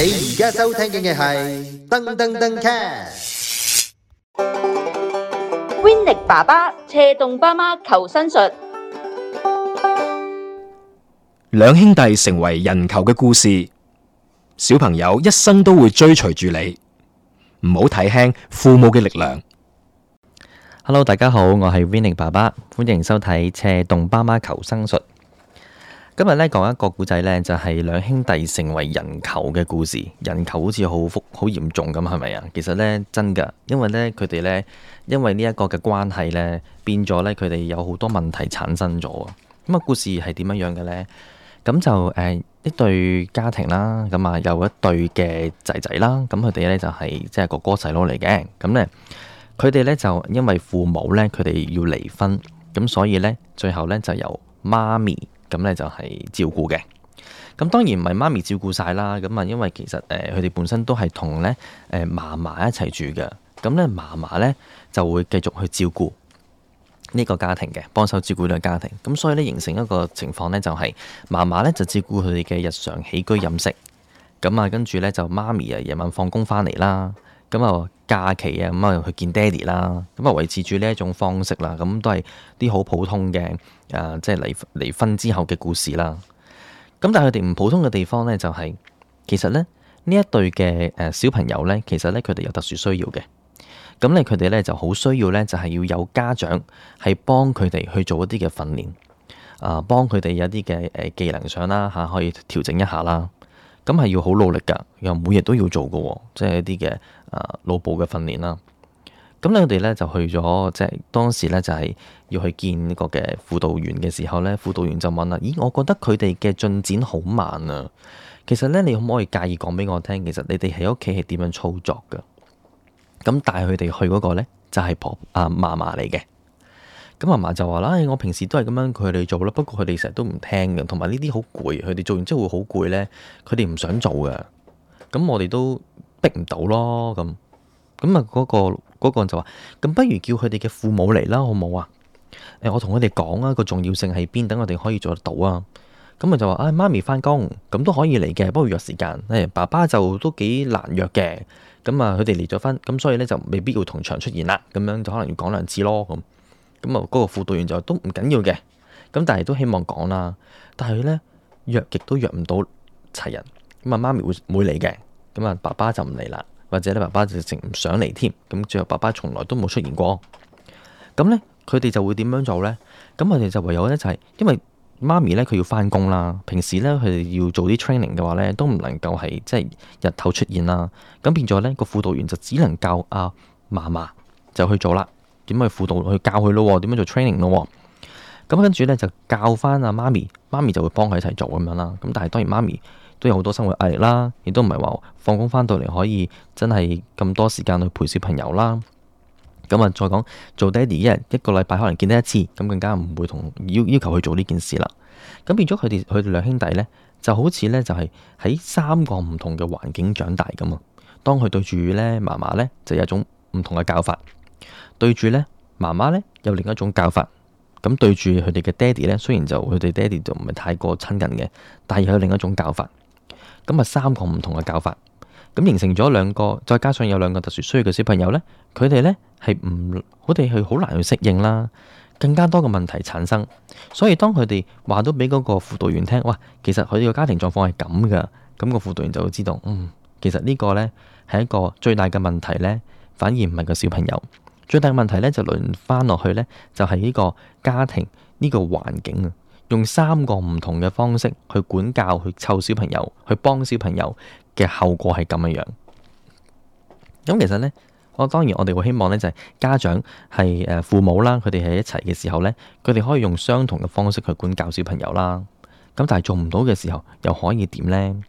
你而家收聽嘅係《噔噔噔 Cat》，Winny 爸爸斜槓爸媽求生術，兩兄弟成為人球嘅故事，小朋友一生都會追隨住你，唔好睇輕父母嘅力量。Hello，大家好，我係 Winny 爸爸，歡迎收睇《斜槓爸媽求生術》。今日咧講一個故仔咧，就係、是、兩兄弟成為人球嘅故事。人球好似好複好嚴重咁，係咪啊？其實咧真噶，因為咧佢哋咧，因為呢一個嘅關係咧，變咗咧，佢哋有好多問題產生咗。咁啊，故事係點樣樣嘅咧？咁就誒、呃，一對家庭啦，咁啊有一對嘅仔仔啦，咁佢哋咧就係即係哥哥細佬嚟嘅。咁咧，佢哋咧就因為父母咧，佢哋要離婚，咁所以咧最後咧就由媽咪。咁咧就係照顧嘅，咁當然唔係媽咪照顧晒啦，咁啊因為其實誒佢哋本身都係同咧誒嫲嫲一齊住嘅，咁咧嫲嫲咧就會繼續去照顧呢個家庭嘅，幫手照顧呢個家庭，咁所以咧形成一個情況咧就係嫲嫲咧就照顧佢哋嘅日常起居飲食，咁啊跟住咧就媽咪啊夜晚放工翻嚟啦，咁啊。假期啊，咁啊去見爹哋啦，咁啊維持住呢一種方式啦，咁都係啲好普通嘅，誒，即係離離婚之後嘅故事啦。咁但係佢哋唔普通嘅地方咧，就是，就係其實咧呢一對嘅誒小朋友咧，其實咧佢哋有特殊需要嘅。咁咧，佢哋咧就好需要咧，就係要有家長係幫佢哋去做一啲嘅訓練，啊，幫佢哋有啲嘅誒技能上啦，吓可以調整一下啦。咁係要好努力噶，又每日都要做噶，即係一啲嘅。啊，腦部嘅訓練啦，咁咧我哋咧就去咗，即係當時咧就係要去見一個嘅輔導員嘅時候咧，輔導員就問啦：咦，我覺得佢哋嘅進展好慢啊！其實咧，你可唔可以介意講俾我聽？其實你哋喺屋企係點樣操作噶？咁帶佢哋去嗰個咧，就係、是、婆啊嫲嫲嚟嘅。咁嫲嫲就話啦，哎，我平時都係咁樣佢哋做啦，不過佢哋成日都唔聽嘅，同埋呢啲好攰，佢哋做完之後會好攰咧，佢哋唔想做嘅。咁我哋都。逼唔到咯，咁咁啊嗰個嗰、嗰個就話：咁不如叫佢哋嘅父母嚟啦，好唔好啊？誒、欸，我同佢哋講啊，個重要性喺邊，等我哋可以做得到啊。咁啊就話：啊、哎、媽咪翻工，咁都可以嚟嘅，不過約時間。誒，爸爸就都幾難約嘅。咁啊，佢哋離咗婚，咁所以咧就未必要同場出現啦。咁樣就可能要講兩次咯。咁咁啊，嗰個輔導員就都唔緊要嘅。咁但係都希望講啦。但係佢咧約極都約唔到齊人。咁啊媽咪會會嚟嘅。咁啊，爸爸就唔嚟啦，或者咧爸爸就直情唔想嚟添。咁最後爸爸從來都冇出現過。咁咧，佢哋就會點樣做咧？咁啊，佢哋就唯有咧就係、是，因為媽咪咧佢要返工啦，平時咧佢哋要做啲 training 嘅話咧，都唔能夠係即係日頭出現啦。咁變咗咧，個輔導員就只能教阿嫲嫲就去做啦。點去輔導去教佢咯？點樣做 training 咯？咁跟住咧就教返阿、啊、媽咪，媽咪就會幫佢一齊做咁樣啦。咁但係當然媽咪。都有好多生活壓力啦，亦都唔係話放工返到嚟可以真係咁多時間去陪小朋友啦。咁啊，再講做爹哋，一日，一個禮拜可能見得一次，咁更加唔會同要要求去做呢件事啦。咁變咗佢哋佢哋兩兄弟呢就好似呢，就係喺三個唔同嘅環境長大咁啊。當佢對住呢媽媽呢，就有一種唔同嘅教法，對住呢媽媽呢，有另一種教法。咁對住佢哋嘅爹哋呢，雖然就佢哋爹哋就唔係太過親近嘅，但係又有另一種教法。咁啊，三個唔同嘅教法，咁形成咗兩個，再加上有兩個特殊需要嘅小朋友呢，佢哋呢係唔好，哋係好難去適應啦，更加多嘅問題產生。所以當佢哋話到俾嗰個輔導員聽，哇，其實佢哋個家庭狀況係咁噶，咁個輔導員就會知道，嗯，其實呢個呢係一個最大嘅問題呢，反而唔係個小朋友，最大嘅問題呢就輪翻落去呢，就係呢個家庭呢個環境啊。用三個唔同嘅方式去管教、去湊小朋友、去幫小朋友嘅後果係咁樣樣。咁其實呢，我當然我哋會希望呢，就係、是、家長係誒父母啦，佢哋喺一齊嘅時候呢，佢哋可以用相同嘅方式去管教小朋友啦。咁但係做唔到嘅時候，又可以點呢？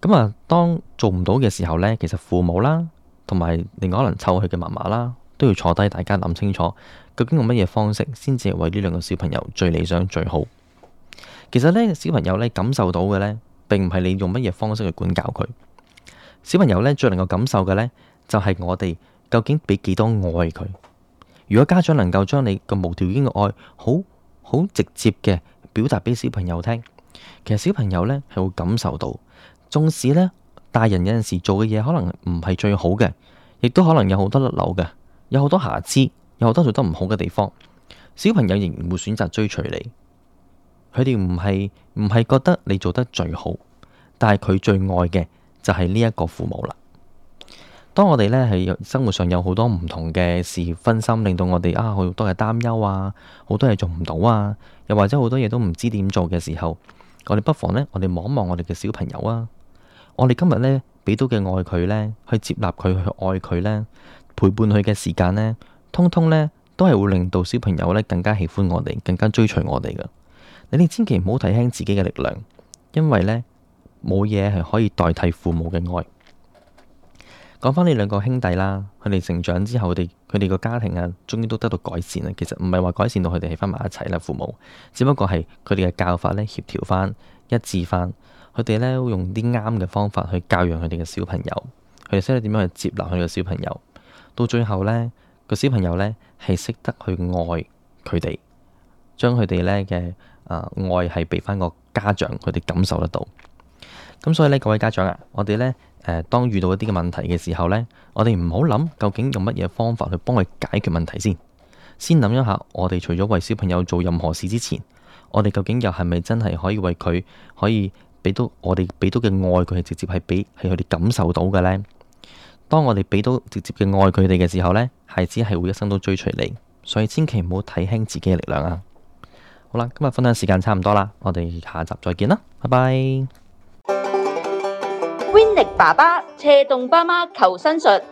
咁啊，當做唔到嘅時候呢，其實父母啦，同埋另外可能湊佢嘅媽媽啦。都要坐低，大家諗清楚，究竟用乜嘢方式先至係為呢兩個小朋友最理想最好？其實咧，小朋友咧感受到嘅呢，並唔係你用乜嘢方式去管教佢。小朋友咧最能夠感受嘅呢，就係、是、我哋究竟俾幾多愛佢。如果家長能夠將你個無條件嘅愛好好直接嘅表達俾小朋友聽，其實小朋友呢係會感受到。縱使呢大人有陣時做嘅嘢可能唔係最好嘅，亦都可能有好多甩漏嘅。有好多瑕疵，有好多做得唔好嘅地方，小朋友仍然會選擇追隨你。佢哋唔係唔係覺得你做得最好，但係佢最愛嘅就係呢一個父母啦。當我哋呢係生活上有好多唔同嘅事分心，令到我哋啊好多嘅擔憂啊，好多嘢做唔到啊，又或者好多嘢都唔知點做嘅時候，我哋不妨呢，我哋望一望我哋嘅小朋友啊，我哋今日呢，俾到嘅愛佢呢，去接納佢，去愛佢呢。陪伴佢嘅時間呢，通通呢都係會令到小朋友呢更加喜歡我哋，更加追隨我哋㗎。你哋千祈唔好睇輕自己嘅力量，因為呢冇嘢係可以代替父母嘅愛。講返呢兩個兄弟啦，佢哋成長之後，佢哋佢哋個家庭啊，終於都得到改善啊。其實唔係話改善到佢哋喺返埋一齊啦，父母只不過係佢哋嘅教法呢協調翻一致翻，佢哋呢會用啲啱嘅方法去教養佢哋嘅小朋友，佢哋識得點樣去接納佢嘅小朋友。到最後呢個小朋友呢，係識得去愛佢哋，將佢哋呢嘅啊愛係俾翻個家長佢哋感受得到。咁所以呢，各位家長啊，我哋呢，誒、呃，當遇到一啲嘅問題嘅時候呢，我哋唔好諗究竟用乜嘢方法去幫佢解決問題先。先諗一下，我哋除咗為小朋友做任何事之前，我哋究竟又係咪真係可以為佢可以俾到我哋俾到嘅愛，佢係直接係俾係佢哋感受到嘅呢。當我哋俾到直接嘅愛佢哋嘅時候呢，孩子係會一生都追隨你，所以千祈唔好睇輕自己嘅力量啊！好啦，今日分享時間差唔多啦，我哋下集再見啦，拜拜。Winny 爸爸斜動，爸媽求生術。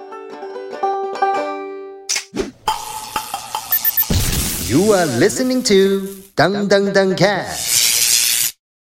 You are listening to 噔噔噔卡。